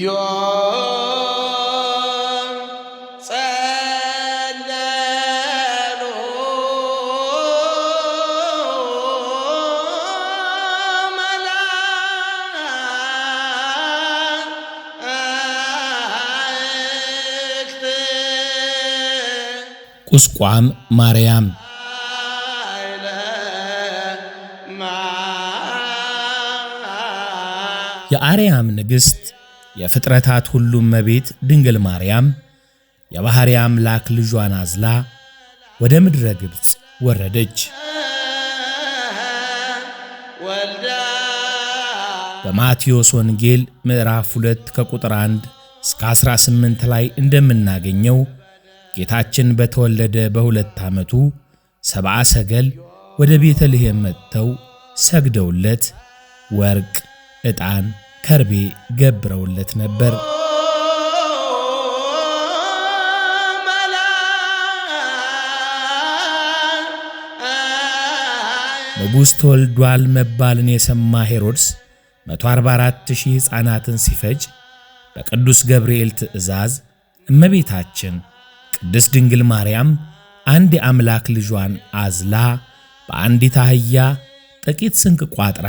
ዮም ቁስቋም ማርያም የአርያም ንግሥት የፍጥረታት ሁሉ መቤት ድንግል ማርያም የባሕርይ አምላክ ልጇን አዝላ ወደ ምድረ ግብፅ ወረደች። በማቴዎስ ወንጌል ምዕራፍ 2 ከቁጥር 1 እስከ 18 ላይ እንደምናገኘው ጌታችን በተወለደ በሁለት ዓመቱ ሰብአ ሰገል ወደ ቤተልሔም መጥተው ሰግደውለት ወርቅ ዕጣን ከርቤ ገብረውለት ነበር። ንጉሥ ተወልዷል መባልን የሰማ ሄሮድስ 144 ሺህ ሕፃናትን ሲፈጅ በቅዱስ ገብርኤል ትእዛዝ እመቤታችን ቅድስት ድንግል ማርያም አንድ የአምላክ ልጇን አዝላ በአንዲት አህያ ጥቂት ስንቅ ቋጥራ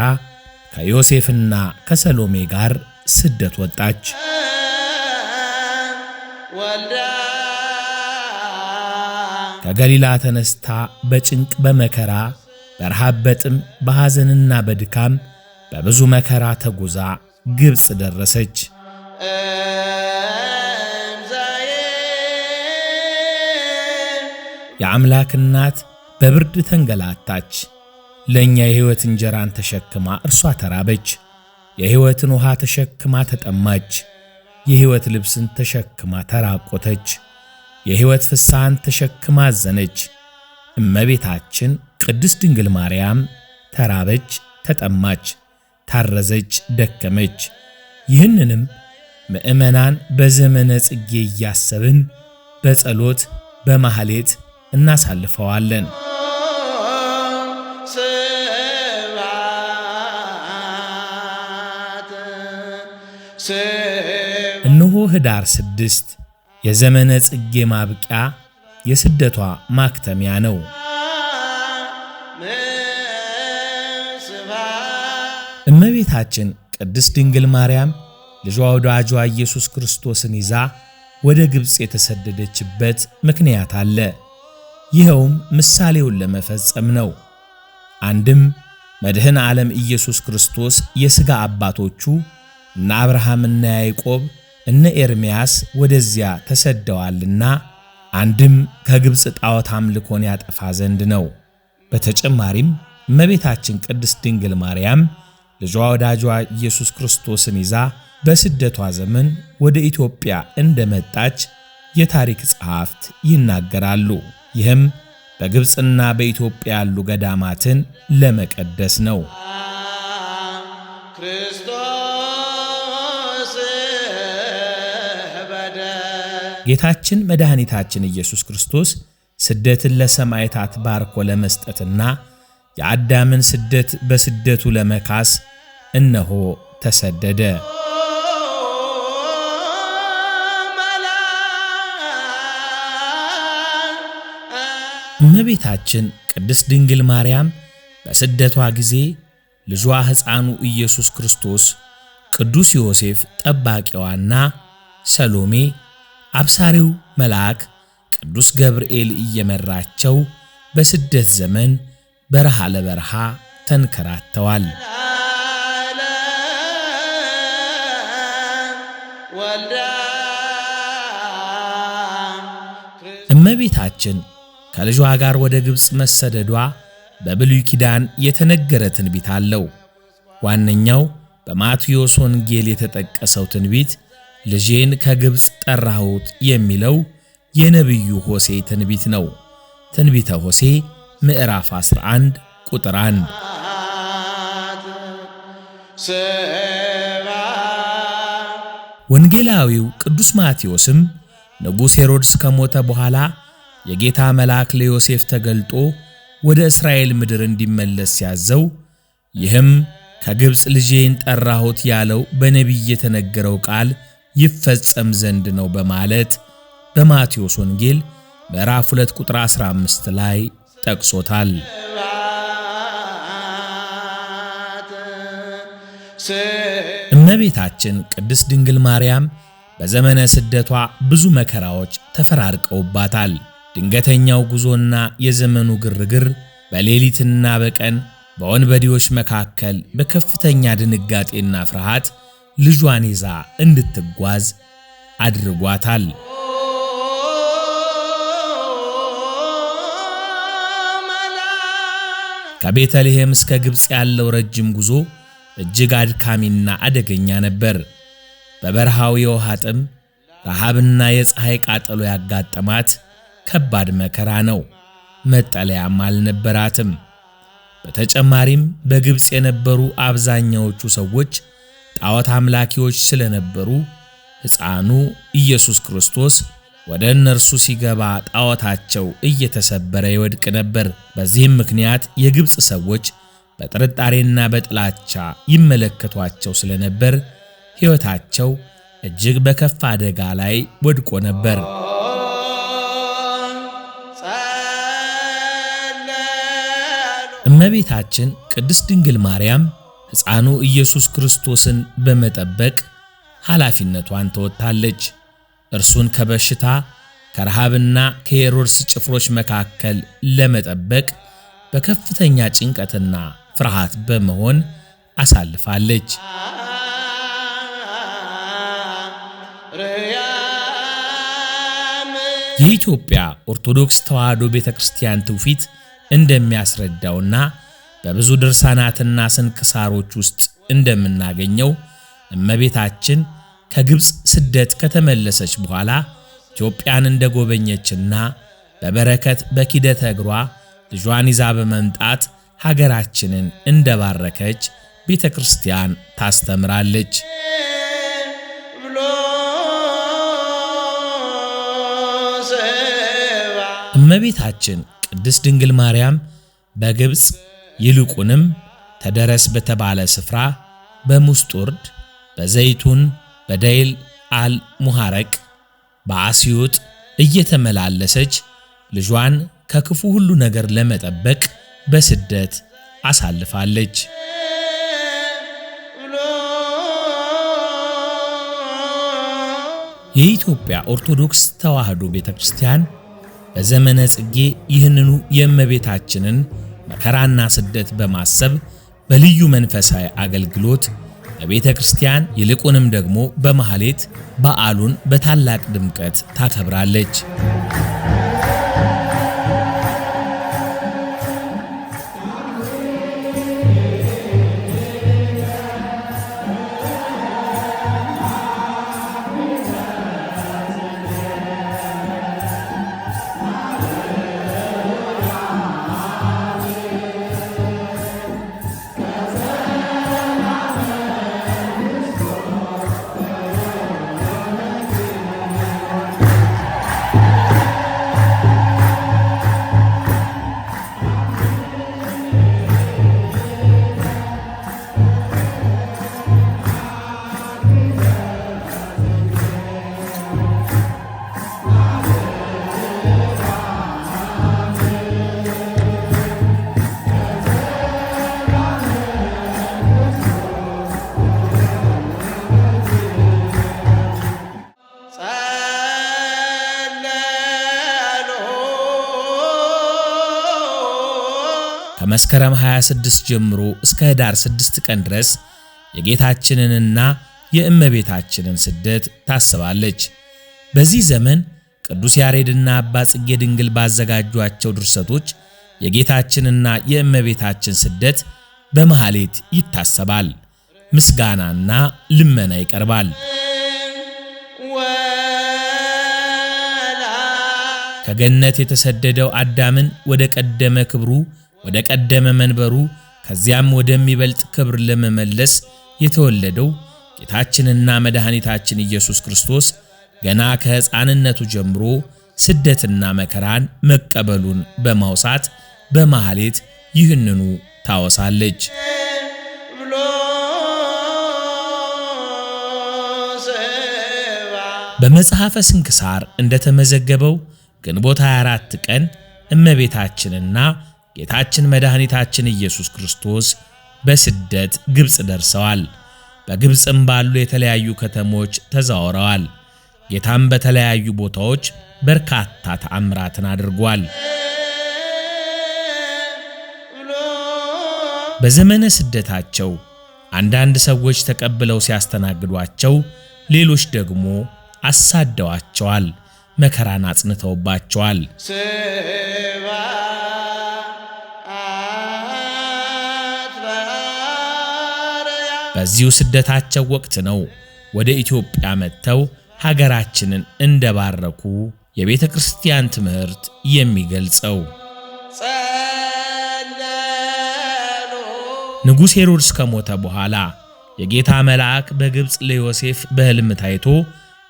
ከዮሴፍና ከሰሎሜ ጋር ስደት ወጣች። ከገሊላ ተነስታ በጭንቅ በመከራ በረሃብ በጥም በሐዘንና በድካም በብዙ መከራ ተጉዛ ግብፅ ደረሰች። የአምላክ እናት በብርድ ተንገላታች። ለእኛ የሕይወት እንጀራን ተሸክማ እርሷ ተራበች። የሕይወትን ውሃ ተሸክማ ተጠማች። የሕይወት ልብስን ተሸክማ ተራቆተች። የሕይወት ፍስሐን ተሸክማ አዘነች። እመቤታችን ቅድስት ድንግል ማርያም ተራበች፣ ተጠማች፣ ታረዘች፣ ደከመች። ይህንንም ምእመናን በዘመነ ጽጌ እያሰብን በጸሎት በማህሌት እናሳልፈዋለን። እነሆ ኅዳር ስድስት የዘመነ ጽጌ ማብቂያ የስደቷ ማክተሚያ ነው። እመቤታችን ቅድስት ድንግል ማርያም ልጇ ወዳጇ ኢየሱስ ክርስቶስን ይዛ ወደ ግብፅ የተሰደደችበት ምክንያት አለ። ይኸውም ምሳሌውን ለመፈጸም ነው። አንድም መድህን ዓለም ኢየሱስ ክርስቶስ የሥጋ አባቶቹ እነ አብርሃምና ያዕቆብ እነ ኤርምያስ ወደዚያ ተሰደዋልና አንድም ከግብፅ ጣዖት አምልኮን ያጠፋ ዘንድ ነው። በተጨማሪም እመቤታችን ቅድስት ድንግል ማርያም ልጇ ወዳጇ ኢየሱስ ክርስቶስን ይዛ በስደቷ ዘመን ወደ ኢትዮጵያ እንደመጣች የታሪክ ጸሐፍት ይናገራሉ። ይህም በግብፅና በኢትዮጵያ ያሉ ገዳማትን ለመቀደስ ነው። ክርስቶስ ጌታችን መድኃኒታችን ኢየሱስ ክርስቶስ ስደትን ለሰማዕታት ባርኮ ለመስጠትና የአዳምን ስደት በስደቱ ለመካስ እነሆ ተሰደደ። እመቤታችን ቅድስት ድንግል ማርያም በስደቷ ጊዜ ልጇ ሕፃኑ ኢየሱስ ክርስቶስ፣ ቅዱስ ዮሴፍ ጠባቂዋና ሰሎሜ አብሳሪው መልአክ ቅዱስ ገብርኤል እየመራቸው በስደት ዘመን በረሃ ለበረሃ ተንከራተዋል። እመቤታችን ከልጇ ጋር ወደ ግብፅ መሰደዷ በብሉይ ኪዳን የተነገረ ትንቢት አለው። ዋነኛው በማቴዎስ ወንጌል የተጠቀሰው ትንቢት ልጄን ከግብፅ ጠራሁት የሚለው የነቢዩ ሆሴ ትንቢት ነው። ትንቢተ ሆሴ ምዕራፍ 11 ቁጥር 1። ወንጌላዊው ቅዱስ ማቴዎስም ንጉሥ ሄሮድስ ከሞተ በኋላ የጌታ መልአክ ለዮሴፍ ተገልጦ ወደ እስራኤል ምድር እንዲመለስ ሲያዘው ይህም ከግብፅ ልጄን ጠራሁት ያለው በነቢይ የተነገረው ቃል ይፈጸም ዘንድ ነው በማለት በማቴዎስ ወንጌል ምዕራፍ 2 ቁጥር 15 ላይ ጠቅሶታል። እመቤታችን ቅድስት ድንግል ማርያም በዘመነ ስደቷ ብዙ መከራዎች ተፈራርቀውባታል። ድንገተኛው ጉዞና የዘመኑ ግርግር በሌሊትና በቀን በወንበዴዎች መካከል በከፍተኛ ድንጋጤና ፍርሃት ልጇን ይዛ እንድትጓዝ አድርጓታል። ከቤተልሔም እስከ ግብፅ ያለው ረጅም ጉዞ እጅግ አድካሚና አደገኛ ነበር። በበረሃው የውሃ ጥም፣ ረሃብና የፀሐይ ቃጠሎ ያጋጠማት ከባድ መከራ ነው። መጠለያም አልነበራትም። በተጨማሪም በግብፅ የነበሩ አብዛኛዎቹ ሰዎች ጣዖት አምላኪዎች ስለነበሩ ሕፃኑ ኢየሱስ ክርስቶስ ወደ እነርሱ ሲገባ ጣዖታቸው እየተሰበረ ይወድቅ ነበር። በዚህም ምክንያት የግብፅ ሰዎች በጥርጣሬና በጥላቻ ይመለከቷቸው ስለነበር ሕይወታቸው እጅግ በከፍ አደጋ ላይ ወድቆ ነበር። እመቤታችን ቅድስት ድንግል ማርያም ሕፃኑ ኢየሱስ ክርስቶስን በመጠበቅ ኃላፊነቷን ተወጥታለች። እርሱን ከበሽታ ከረሃብና ከሄሮድስ ጭፍሮች መካከል ለመጠበቅ በከፍተኛ ጭንቀትና ፍርሃት በመሆን አሳልፋለች። የኢትዮጵያ ኦርቶዶክስ ተዋሕዶ ቤተ ክርስቲያን ትውፊት እንደሚያስረዳውና በብዙ ድርሳናትና ስንክሳሮች ውስጥ እንደምናገኘው እመቤታችን ከግብፅ ስደት ከተመለሰች በኋላ ኢትዮጵያን እንደጎበኘችና በበረከት በኪደተ እግሯ ልጇን ይዛ በመምጣት ሀገራችንን እንደባረከች ቤተ ክርስቲያን ታስተምራለች። እመቤታችን ቅድስት ድንግል ማርያም በግብፅ ይልቁንም ተደረስ በተባለ ስፍራ በሙስጡርድ በዘይቱን በደይል አል ሙሐረቅ በአስዩጥ እየተመላለሰች ልጇን ከክፉ ሁሉ ነገር ለመጠበቅ በስደት አሳልፋለች። የኢትዮጵያ ኦርቶዶክስ ተዋሕዶ ቤተክርስቲያን በዘመነ ጽጌ ይህንኑ የእመቤታችንን መከራና ስደት በማሰብ በልዩ መንፈሳዊ አገልግሎት በቤተ ክርስቲያን ይልቁንም ደግሞ በማህሌት በዓሉን በታላቅ ድምቀት ታከብራለች። ከመስከረም 26 ጀምሮ እስከ ህዳር 6 ቀን ድረስ የጌታችንንና የእመቤታችንን ስደት ታስባለች። በዚህ ዘመን ቅዱስ ያሬድና አባ ጽጌ ድንግል ባዘጋጇቸው ድርሰቶች የጌታችንና የእመቤታችን ስደት በመሐሌት ይታሰባል። ምስጋናና ልመና ይቀርባል። ከገነት የተሰደደው አዳምን ወደ ቀደመ ክብሩ ወደ ቀደመ መንበሩ ከዚያም ወደሚበልጥ ክብር ለመመለስ የተወለደው ጌታችንና መድኃኒታችን ኢየሱስ ክርስቶስ ገና ከሕፃንነቱ ጀምሮ ስደትና መከራን መቀበሉን በማውሳት በማኅሌት ይህንኑ ታወሳለች። በመጽሐፈ ስንክሳር እንደተመዘገበው ግንቦት 24 ቀን እመቤታችንና ጌታችን መድኃኒታችን ኢየሱስ ክርስቶስ በስደት ግብፅ ደርሰዋል። በግብፅም ባሉ የተለያዩ ከተሞች ተዛውረዋል። ጌታም በተለያዩ ቦታዎች በርካታ ተአምራትን አድርጓል። በዘመነ ስደታቸው አንዳንድ ሰዎች ተቀብለው ሲያስተናግዷቸው፣ ሌሎች ደግሞ አሳደዋቸዋል፣ መከራን አጽንተውባቸዋል። በዚሁ ስደታቸው ወቅት ነው ወደ ኢትዮጵያ መጥተው ሀገራችንን እንደባረኩ የቤተ ክርስቲያን ትምህርት የሚገልጸው። ንጉሥ ሄሮድስ ከሞተ በኋላ የጌታ መልአክ በግብፅ ለዮሴፍ በሕልም ታይቶ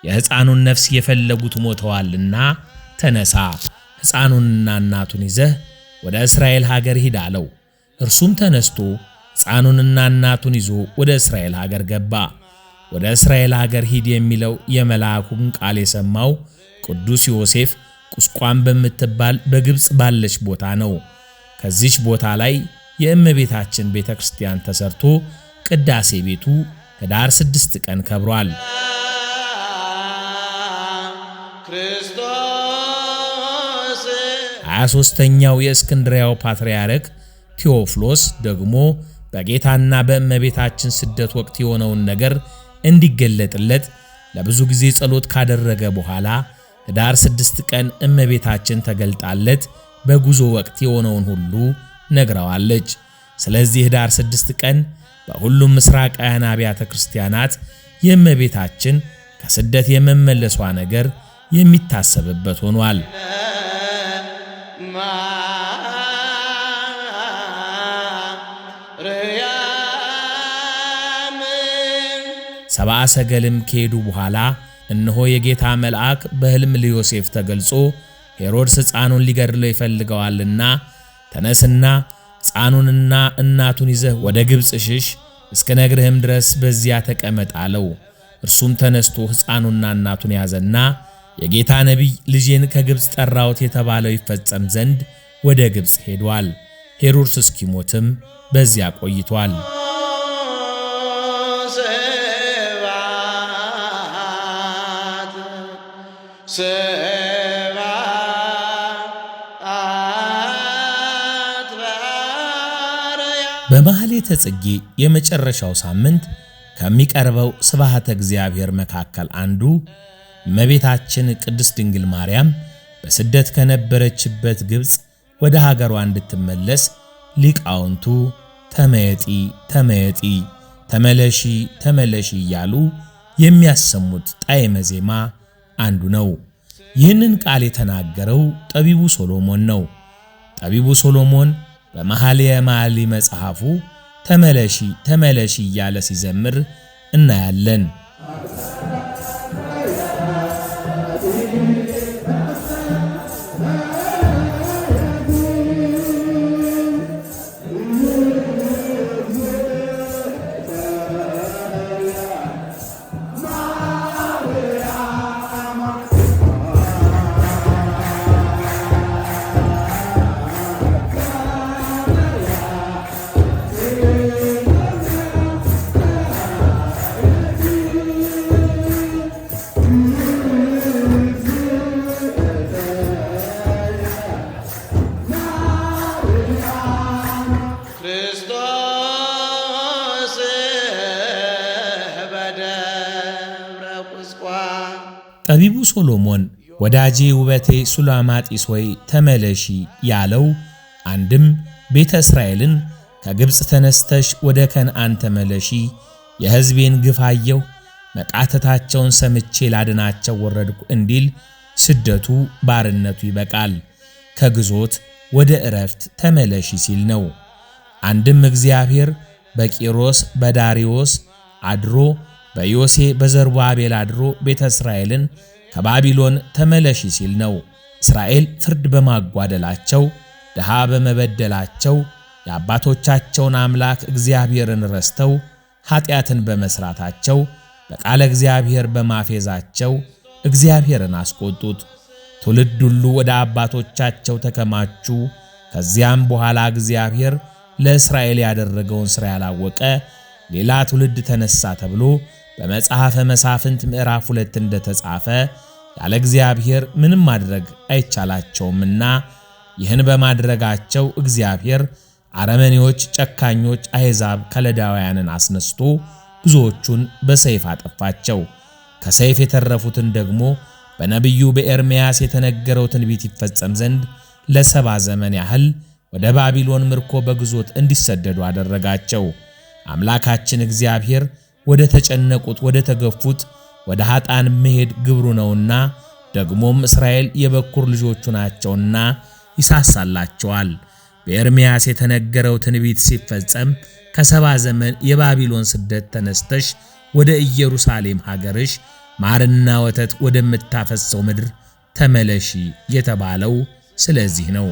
የሕፃኑን ነፍስ የፈለጉት ሞተዋልና ተነሳ፣ ሕፃኑንና እናቱን ይዘህ ወደ እስራኤል ሀገር ሂድ አለው። እርሱም ተነስቶ ሕፃኑንና እናቱን ይዞ ወደ እስራኤል ሀገር ገባ። ወደ እስራኤል ሀገር ሂድ የሚለው የመልአኩን ቃል የሰማው ቅዱስ ዮሴፍ ቁስቋም በምትባል በግብፅ ባለች ቦታ ነው። ከዚች ቦታ ላይ የእመቤታችን ቤተ ክርስቲያን ተሰርቶ ቅዳሴ ቤቱ ከዳር ስድስት ቀን ከብሯል። ሀያ ሦስተኛው የእስክንድሪያው ፓትርያርክ ቴዎፍሎስ ደግሞ በጌታና በእመቤታችን ስደት ወቅት የሆነውን ነገር እንዲገለጥለት ለብዙ ጊዜ ጸሎት ካደረገ በኋላ ኅዳር ስድስት ቀን እመቤታችን ተገልጣለት በጉዞ ወቅት የሆነውን ሁሉ ነግረዋለች። ስለዚህ ኅዳር ስድስት ቀን በሁሉም ምስራቃውያን አብያተ ክርስቲያናት የእመቤታችን ከስደት የመመለሷ ነገር የሚታሰብበት ሆኗል። ሰብአ ሰገልም ከሄዱ በኋላ እነሆ የጌታ መልአክ በሕልም ለዮሴፍ ተገልጾ ሄሮድስ ሕፃኑን ሊገድለው ይፈልገዋልና ተነስና ሕፃኑንና እናቱን ይዘህ ወደ ግብፅ ሽሽ፣ እስከ ነግርህም ድረስ በዚያ ተቀመጥ አለው። እርሱም ተነስቶ ሕፃኑና እናቱን ያዘና የጌታ ነቢይ ልጄን ከግብፅ ጠራሁት የተባለው ይፈጸም ዘንድ ወደ ግብፅ ሄዷል። ሄሮድስ እስኪሞትም በዚያ ቆይቷል። በማኅሌተ ጽጌ የመጨረሻው ሳምንት ከሚቀርበው ስብሐተ እግዚአብሔር መካከል አንዱ እመቤታችን ቅድስት ድንግል ማርያም በስደት ከነበረችበት ግብፅ ወደ ሀገሯ እንድትመለስ ሊቃውንቱ ተመየጢ ተመየጢ ተመለሺ ተመለሺ እያሉ የሚያሰሙት ጣዕመ ዜማ አንዱ ነው። ይህንን ቃል የተናገረው ጠቢቡ ሶሎሞን ነው። ጠቢቡ ሶሎሞን በመኃልየ መኃልይ መጽሐፉ ተመለሺ ተመለሺ እያለ ሲዘምር እናያለን። ሶሎሞን ወዳጄ ውበቴ ሱላማጢስ ሆይ ተመለሺ ያለው አንድም ቤተ እስራኤልን ከግብፅ ተነስተሽ ወደ ከነአን ተመለሺ፣ የሕዝቤን ግፋየው መቃተታቸውን ሰምቼ ላድናቸው ወረድኩ እንዲል ስደቱ ባርነቱ ይበቃል፣ ከግዞት ወደ ዕረፍት ተመለሺ ሲል ነው። አንድም እግዚአብሔር በቂሮስ በዳሪዮስ አድሮ በዮሴ በዘርባቤል አድሮ ቤተ እስራኤልን ከባቢሎን ተመለሺ ሲል ነው። እስራኤል ፍርድ በማጓደላቸው ድሃ በመበደላቸው የአባቶቻቸውን አምላክ እግዚአብሔርን ረስተው ኃጢአትን በመስራታቸው በቃለ እግዚአብሔር በማፌዛቸው እግዚአብሔርን አስቆጡት። ትውልድ ሁሉ ወደ አባቶቻቸው ተከማቹ። ከዚያም በኋላ እግዚአብሔር ለእስራኤል ያደረገውን ሥራ ያላወቀ ሌላ ትውልድ ተነሳ ተብሎ በመጽሐፈ መሳፍንት ምዕራፍ ሁለት እንደተጻፈ ያለ እግዚአብሔር ምንም ማድረግ አይቻላቸውምና ይህን በማድረጋቸው እግዚአብሔር አረመኔዎች፣ ጨካኞች አሕዛብ ከለዳውያንን አስነስቶ ብዙዎቹን በሰይፍ አጠፋቸው። ከሰይፍ የተረፉትን ደግሞ በነቢዩ በኤርምያስ የተነገረው ትንቢት ይፈጸም ዘንድ ለሰባ ዘመን ያህል ወደ ባቢሎን ምርኮ በግዞት እንዲሰደዱ አደረጋቸው። አምላካችን እግዚአብሔር ወደ ተጨነቁት፣ ወደ ተገፉት፣ ወደ ኃጣን መሄድ ግብሩ ነውና ደግሞም እስራኤል የበኩር ልጆቹ ናቸውና ይሳሳላቸዋል። በኤርምያስ የተነገረው ትንቢት ሲፈጸም ከሰባ ዘመን የባቢሎን ስደት ተነስተሽ ወደ ኢየሩሳሌም ሀገርሽ ማርና ወተት ወደምታፈሰው ምድር ተመለሺ የተባለው ስለዚህ ነው።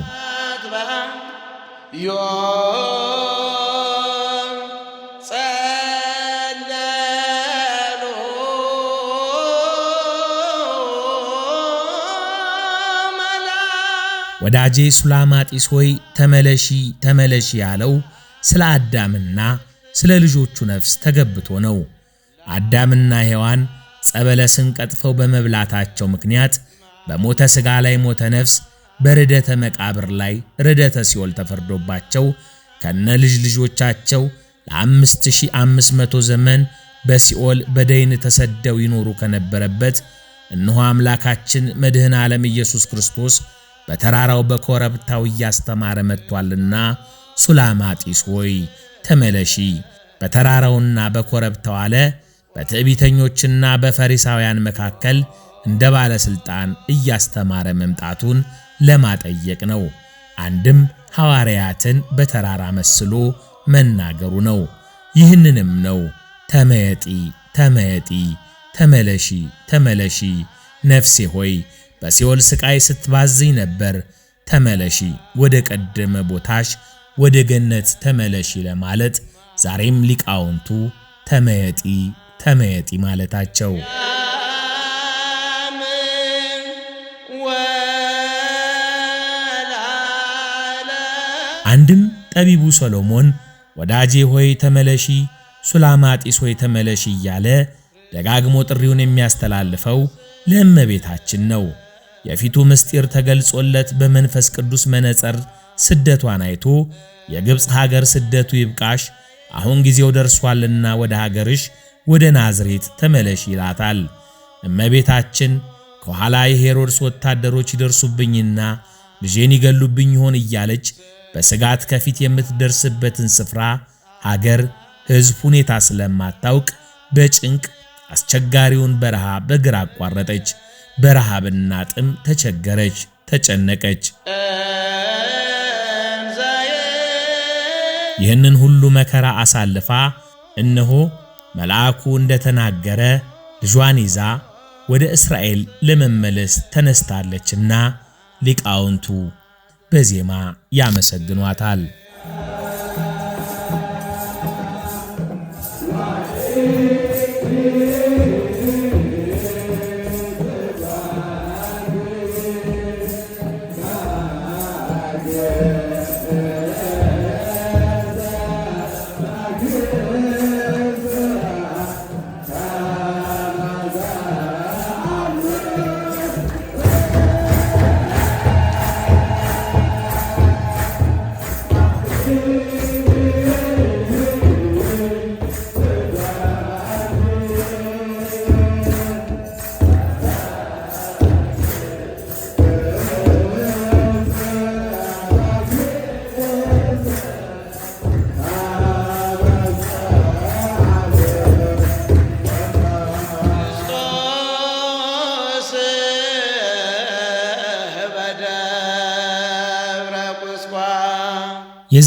ወዳጄ ሱላማጢስ ሆይ ተመለሺ ተመለሺ ያለው ስለ አዳምና ስለ ልጆቹ ነፍስ ተገብቶ ነው። አዳምና ሔዋን ጸበለስን ቀጥፈው በመብላታቸው ምክንያት በሞተ ሥጋ ላይ ሞተ ነፍስ፣ በርደተ መቃብር ላይ ርደተ ሲኦል ተፈርዶባቸው ከነ ልጅ ልጆቻቸው ለ5500 ዘመን በሲኦል በደይን ተሰደው ይኖሩ ከነበረበት እነሆ አምላካችን መድህን ዓለም ኢየሱስ ክርስቶስ በተራራው በኮረብታው እያስተማረ መጥቷልና ሱላማጢስ ሆይ ተመለሺ፣ በተራራውና በኮረብታው አለ። በትዕቢተኞችና በፈሪሳውያን መካከል እንደ ባለሥልጣን እያስተማረ መምጣቱን ለማጠየቅ ነው። አንድም ሐዋርያትን በተራራ መስሎ መናገሩ ነው። ይህንንም ነው ተመየጢ ተመየጢ፣ ተመለሺ ተመለሺ፣ ነፍሴ ሆይ በሲኦል ስቃይ ስትባዝኝ ነበር። ተመለሺ፣ ወደ ቀደመ ቦታሽ፣ ወደ ገነት ተመለሺ ለማለት ዛሬም ሊቃውንቱ ተመየጢ ተመየጢ ማለታቸው አንድም ጠቢቡ ሰሎሞን ወዳጄ ሆይ ተመለሺ፣ ሱላማጢስ ሆይ ተመለሺ እያለ ደጋግሞ ጥሪውን የሚያስተላልፈው ለእመቤታችን ነው። የፊቱ ምስጢር ተገልጾለት በመንፈስ ቅዱስ መነጽር ስደቷን አይቶ የግብፅ ሀገር ስደቱ ይብቃሽ፣ አሁን ጊዜው ደርሷልና ወደ ሀገርሽ ወደ ናዝሬት ተመለሽ ይላታል። እመቤታችን ከኋላ የሄሮድስ ወታደሮች ይደርሱብኝና ልጄን ይገሉብኝ ይሆን እያለች በስጋት ከፊት የምትደርስበትን ስፍራ፣ ሀገር፣ ሕዝብ፣ ሁኔታ ስለማታውቅ በጭንቅ አስቸጋሪውን በረሃ በግራ አቋረጠች። በረሃብና ጥም ተቸገረች፣ ተጨነቀች። ይህንን ሁሉ መከራ አሳልፋ እነሆ መልአኩ እንደተናገረ ልጇን ይዛ ወደ እስራኤል ለመመለስ ተነስታለችና ሊቃውንቱ በዜማ ያመሰግኗታል።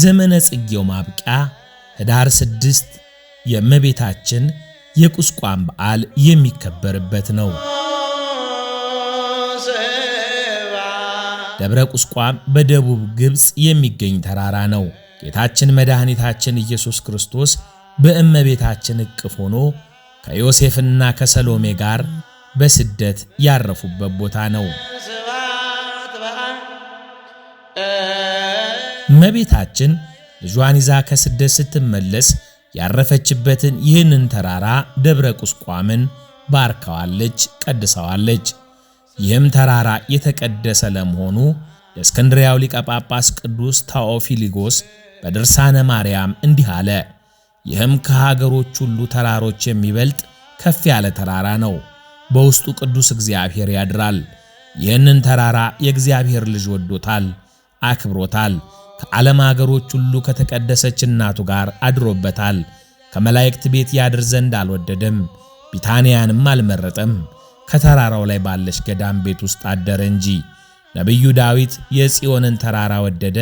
የዘመነ ጽጌው ማብቂያ ህዳር ስድስት የእመቤታችን የቁስቋም በዓል የሚከበርበት ነው። ደብረ ቁስቋም በደቡብ ግብፅ የሚገኝ ተራራ ነው። ጌታችን መድኃኒታችን ኢየሱስ ክርስቶስ በእመቤታችን እቅፍ ሆኖ ከዮሴፍና ከሰሎሜ ጋር በስደት ያረፉበት ቦታ ነው። እመቤታችን ልጇን ይዛ ከስደት ስትመለስ ያረፈችበትን ይህንን ተራራ ደብረ ቁስቋምን ባርከዋለች፣ ቀድሰዋለች። ይህም ተራራ የተቀደሰ ለመሆኑ የእስክንድሪያው ሊቀ ጳጳስ ቅዱስ ታኦፊሊጎስ በድርሳነ ማርያም እንዲህ አለ። ይህም ከሀገሮች ሁሉ ተራሮች የሚበልጥ ከፍ ያለ ተራራ ነው፣ በውስጡ ቅዱስ እግዚአብሔር ያድራል። ይህንን ተራራ የእግዚአብሔር ልጅ ወዶታል፣ አክብሮታል። ከዓለም አገሮች ሁሉ ከተቀደሰች እናቱ ጋር አድሮበታል። ከመላእክት ቤት ያድር ዘንድ አልወደደም፣ ቢታንያንም አልመረጠም። ከተራራው ላይ ባለች ገዳም ቤት ውስጥ አደረ እንጂ። ነቢዩ ዳዊት የጽዮንን ተራራ ወደደ፣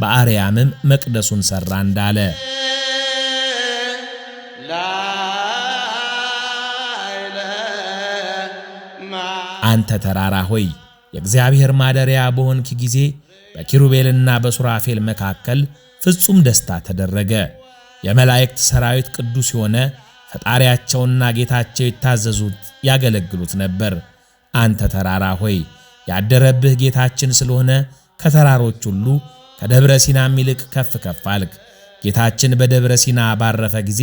በአርያምም መቅደሱን ሠራ እንዳለ አንተ ተራራ ሆይ የእግዚአብሔር ማደሪያ በሆንክ ጊዜ በኪሩቤልና በሱራፌል መካከል ፍጹም ደስታ ተደረገ። የመላእክት ሰራዊት ቅዱስ የሆነ ፈጣሪያቸውና ጌታቸው የታዘዙት ያገለግሉት ነበር። አንተ ተራራ ሆይ ያደረብህ ጌታችን ስለሆነ ከተራሮች ሁሉ ከደብረ ሲናም ይልቅ ከፍ ከፍ አልክ። ጌታችን በደብረ ሲና ባረፈ ጊዜ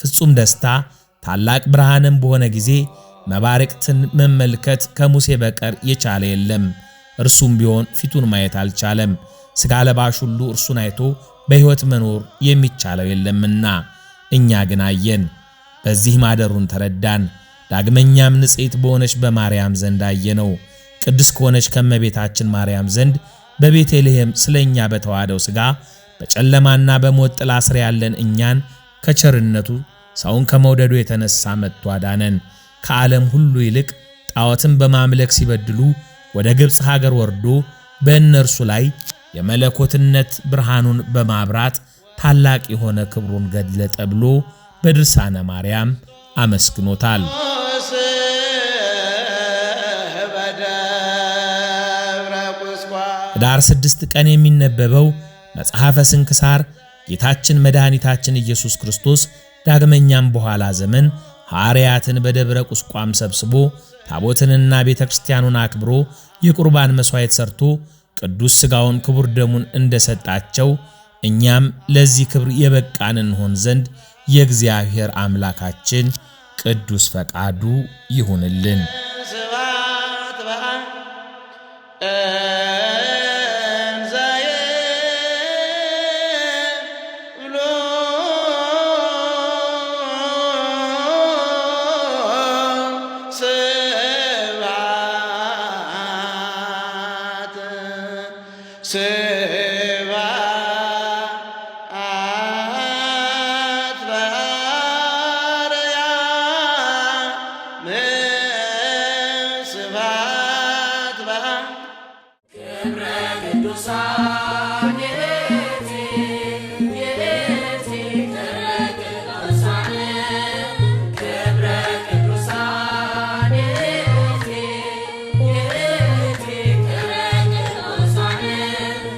ፍጹም ደስታ፣ ታላቅ ብርሃንም በሆነ ጊዜ መባርቅትን መመልከት ከሙሴ በቀር የቻለ የለም። እርሱም ቢሆን ፊቱን ማየት አልቻለም። ስጋ ለባሽ ሁሉ እርሱን አይቶ በሕይወት መኖር የሚቻለው የለምና እኛ ግን አየን፣ በዚህ ማደሩን ተረዳን። ዳግመኛም ንጽሕት በሆነች በማርያም ዘንድ አየነው። ቅዱስ ከሆነች ከመቤታችን ማርያም ዘንድ በቤተልሔም ስለ እኛ በተዋደው ሥጋ በጨለማና በሞት ጥላ ስር ያለን እኛን ከቸርነቱ ሰውን ከመውደዱ የተነሳ መጥቶ አዳነን። ከዓለም ሁሉ ይልቅ ጣዖትን በማምለክ ሲበድሉ ወደ ግብፅ ሀገር ወርዶ በእነርሱ ላይ የመለኮትነት ብርሃኑን በማብራት ታላቅ የሆነ ክብሩን ገለጠ ብሎ በድርሳነ ማርያም አመስግኖታል። ኅዳር ስድስት ቀን የሚነበበው መጽሐፈ ስንክሳር ጌታችን መድኃኒታችን ኢየሱስ ክርስቶስ ዳግመኛም በኋላ ዘመን ሐዋርያትን በደብረ ቁስቋም ሰብስቦ ታቦትንና ቤተ ክርስቲያኑን አክብሮ የቁርባን መሥዋዕት ሰርቶ ቅዱስ ሥጋውን ክቡር ደሙን እንደሰጣቸው እኛም ለዚህ ክብር የበቃን እንሆን ዘንድ የእግዚአብሔር አምላካችን ቅዱስ ፈቃዱ ይሁንልን።